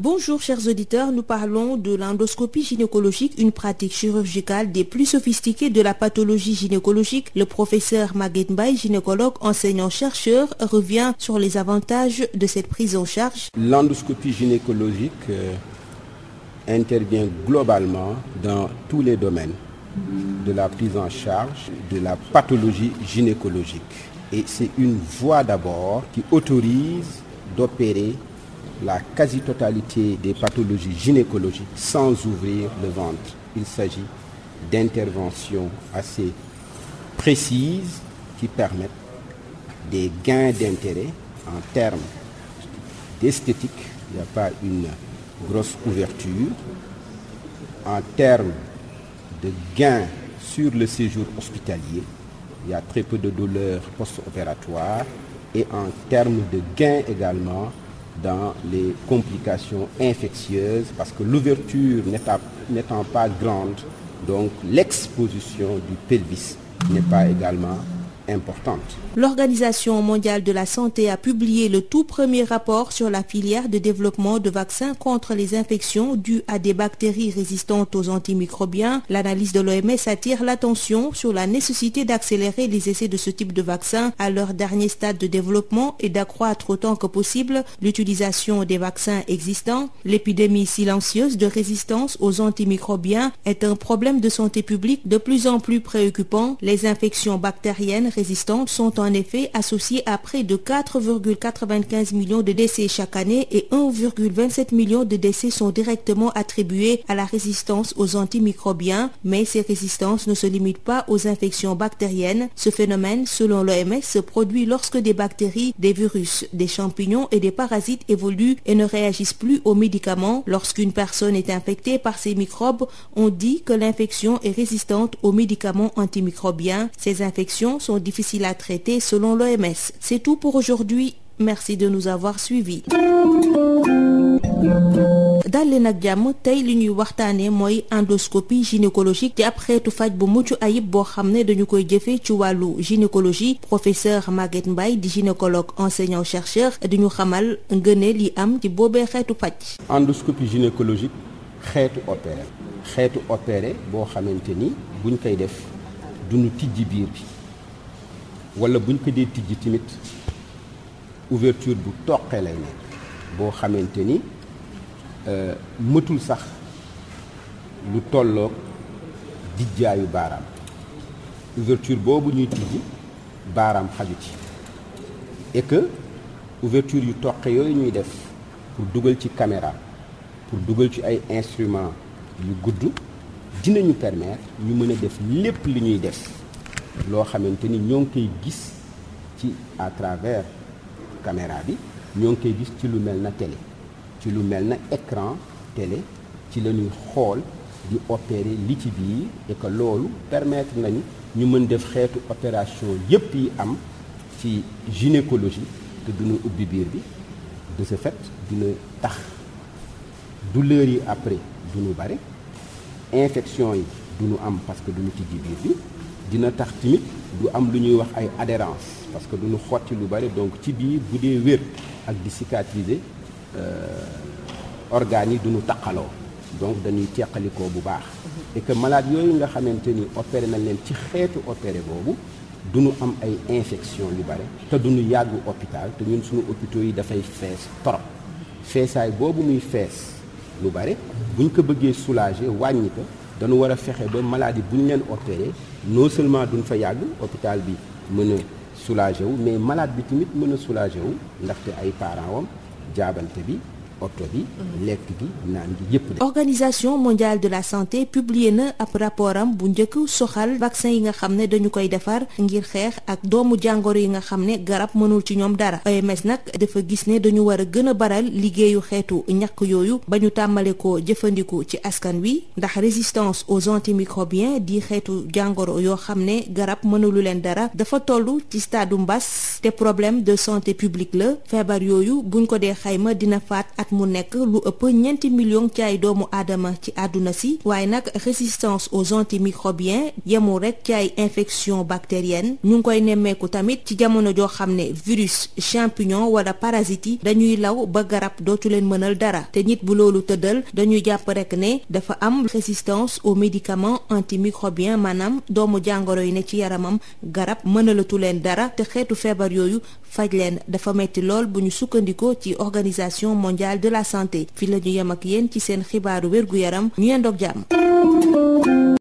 Bonjour chers auditeurs, nous parlons de l'endoscopie gynécologique, une pratique chirurgicale des plus sophistiquées de la pathologie gynécologique. Le professeur Maguette Mbaye, gynécologue, enseignant-chercheur, revient sur les avantages de cette prise en charge. L'endoscopie gynécologique euh, intervient globalement dans tous les domaines de la prise en charge de la pathologie gynécologique. Et c'est une voie d'abord qui autorise d'opérer la quasi-totalité des pathologies gynécologiques sans ouvrir le ventre. Il s'agit d'interventions assez précises qui permettent des gains d'intérêt en termes d'esthétique, il n'y a pas une grosse ouverture, en termes de gains sur le séjour hospitalier, il y a très peu de douleurs post-opératoires et en termes de gains également dans les complications infectieuses parce que l'ouverture n'étant pas grande, donc l'exposition du pelvis n'est pas également importante. L'Organisation mondiale de la santé a publié le tout premier rapport sur la filière de développement de vaccins contre les infections dues à des bactéries résistantes aux antimicrobiens. L'analyse de l'OMS attire l'attention sur la nécessité d'accélérer les essais de ce type de vaccin à leur dernier stade de développement et d'accroître autant que possible l'utilisation des vaccins existants. L'épidémie silencieuse de résistance aux antimicrobiens résistantes sont en effet associées à près de 4,95 millions de décès chaque année et 1,27 million de décès sont directement attribués à la résistance aux antimicrobiens, mais ces résistances ne se limitent pas aux infections bactériennes. Ce phénomène, selon l'OMS, se produit lorsque des bactéries, des virus, des champignons et des parasites évoluent et ne réagissent plus aux médicaments. Lorsqu'une personne est infectée par ces microbes, on dit que l'infection malheureusement difficile à traiter selon l'OMS. C'est tout pour aujourd'hui. Merci de nous avoir suivis. dalle nag jàmm tey li ñuy waxtaanee mooy endoscopie gynécologique ci ab xeetu faj bu mucc ayib boo xam ne dañu koy jëfee ci wàllu gynécologie professeur Maguette mbay di gynécologue enseignant chercheur di ñu xamal ngëne li am ci boobee xeetu faj. endoscopie gynécologique xeetu opéré xeetu opéré boo xamante ni buñ koy def duñu tijji biir bi. wala buñ ko dee tijji tamit ouverture bu toqee lay nekk boo xamante ni euh, mëtul sax lu tolloog dijjaayu baaraam ouverture boobu ñuy tijji baaraam xaju ci et que ouverture yu toqe yooyu ñuy def pour dugal ci caméra pour dugal ci ay instruments yu gudd dinañu permettre ñu mën a def lépp li ñuy def loo xamante ni ñoo ngi koy gis ci à travers caméra bi ñoo ngi koy gis ci lu mel na télé ci lu mel na écran télé ci la ñuy xool di opérer li ci biir et que loolu permettre nañu ñu mën def xeetu opération yépp yi am ci gynécologie te duñu ubbi biir bi de ce fait dina tax douleur yi après duñu bare infection yi duñu am parce que duñu tijji biir bi dina tax tamit du am lu ñuy wax ay adhérence parce que du ñu xotti lu bari donc ci biir bu dee wér ak di cicatriser euh, organes yi du ñu taqaloo donc dañuy teqalikoo bu baax mm-hmm. et que malade yooyu nga xamante ni opéré nañ leen ci xeetu opéré boobu du ñu am ay infection yu bare te du ñu yàggu hôpital te ñun suñu hôpitaux yi dafay fees torop feesaay boobu muy fees lu bare buñ ko bëggee soulager wàññi ko dañu war a fexe ba maladie bu ñu leen opéré non seulement duñ fa yàgg hôpital bi mën a soulagé wu mais malaat bi tamit mën a soulagé wu ndaxte ay parents wam jaabante bi oto bi mhm. lekk organisation mondiale de la santé publié na ab rapport am bu njëkk soxal vaccin yi nga xam ne dañu koy defar ngir xeex ak doomu jàngoro yi nga xam ne garab mënul ci ñoom dara OMS nag dafa gis ne dañu war a gën a baral liggéeyu xeetu ñàkk yooyu ba ñu tàmmale ko jëfandikoo ci askan wi ndax résistance aux antimicrobiens di xeetu jàngoro yoo xam ne garab mënulu leen dara dafa toll ci stade mbas te problème de santé publique la feebar yooyu buñ ko dee at mu nekk lu ëpp ñeenti million ci ay doomu aadama ci àdduna si waaye nag résistance aux antimicrobiens yemul rek ci ay infection bactérienne ñu ngi koy nemmeeku tamit ci jamono joo xam ne virus champignon wala parasites yi dañuy law ba garab dootu leen mënal dara te nit bu loolu tëddal dañuy jàpp rekk ne dafa am résistance médicament médicaments antimicrobiens maanaam doomu jàngoro yi ne ci yaramam garab mënalatu leen dara te xeetu feebar yooyu faj leen dafa de la santé fi la ñu yem ak yéen ci seen xibaaru wér gu yaram ñu yendoog jàmm